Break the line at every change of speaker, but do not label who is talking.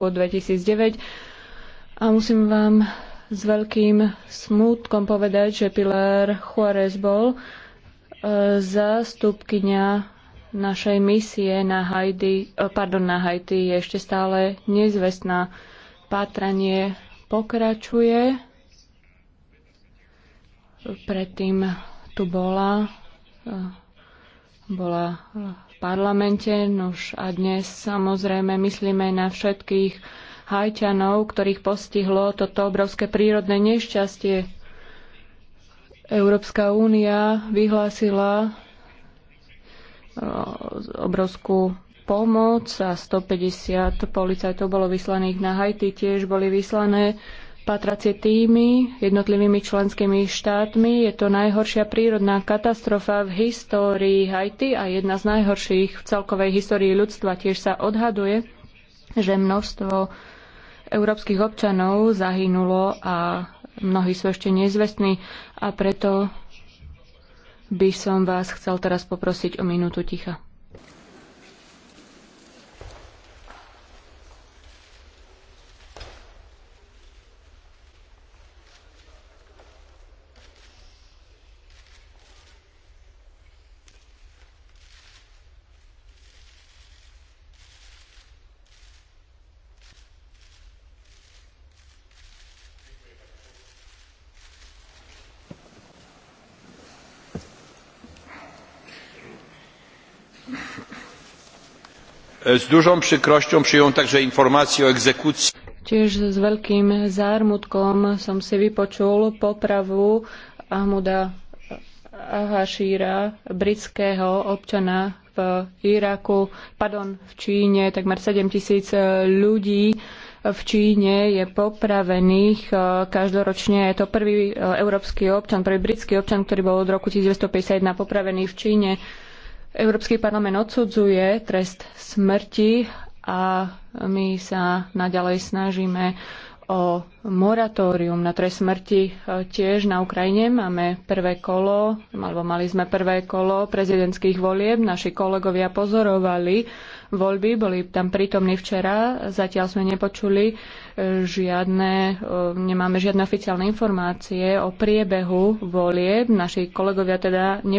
roku 2009 a musím vám s veľkým smútkom povedať, že Pilar Juarez bol e, zástupkynia našej misie na Haiti, e, pardon, na Haiti je ešte stále nezvestná. Pátranie pokračuje. Predtým tu bola e, bola e, v parlamente, nož a dnes samozrejme myslíme na všetkých hajťanov, ktorých postihlo toto obrovské prírodné nešťastie. Európska únia vyhlásila e, obrovskú pomoc a 150 policajtov bolo vyslaných na Haiti, tiež boli vyslané patracie tými jednotlivými členskými štátmi. Je to najhoršia prírodná katastrofa v histórii Haiti a jedna z najhorších v celkovej histórii ľudstva. Tiež sa odhaduje, že množstvo európskych občanov zahynulo a mnohí sú ešte nezvestní a preto by som vás chcel teraz poprosiť o minútu ticha. z dużą przykrością przyjąłem także informację o egzekucji. Tiež s veľkým zármutkom som si vypočul popravu Ahmuda Ahashira, britského občana v Iraku, pardon, v Číne, takmer 7 tisíc ľudí v Číne je popravených e, každoročne. Je to prvý e, európsky občan, prvý britský občan, ktorý bol od roku 1951 popravený v Číne. Európsky parlament odsudzuje trest smrti a my sa naďalej snažíme o moratórium na trest smrti e, tiež na Ukrajine. Máme prvé kolo, alebo mali sme prvé kolo prezidentských volieb. Naši kolegovia pozorovali voľby, boli tam prítomní včera. Zatiaľ sme nepočuli e, žiadne, e, nemáme žiadne oficiálne informácie o priebehu volieb. Naši kolegovia teda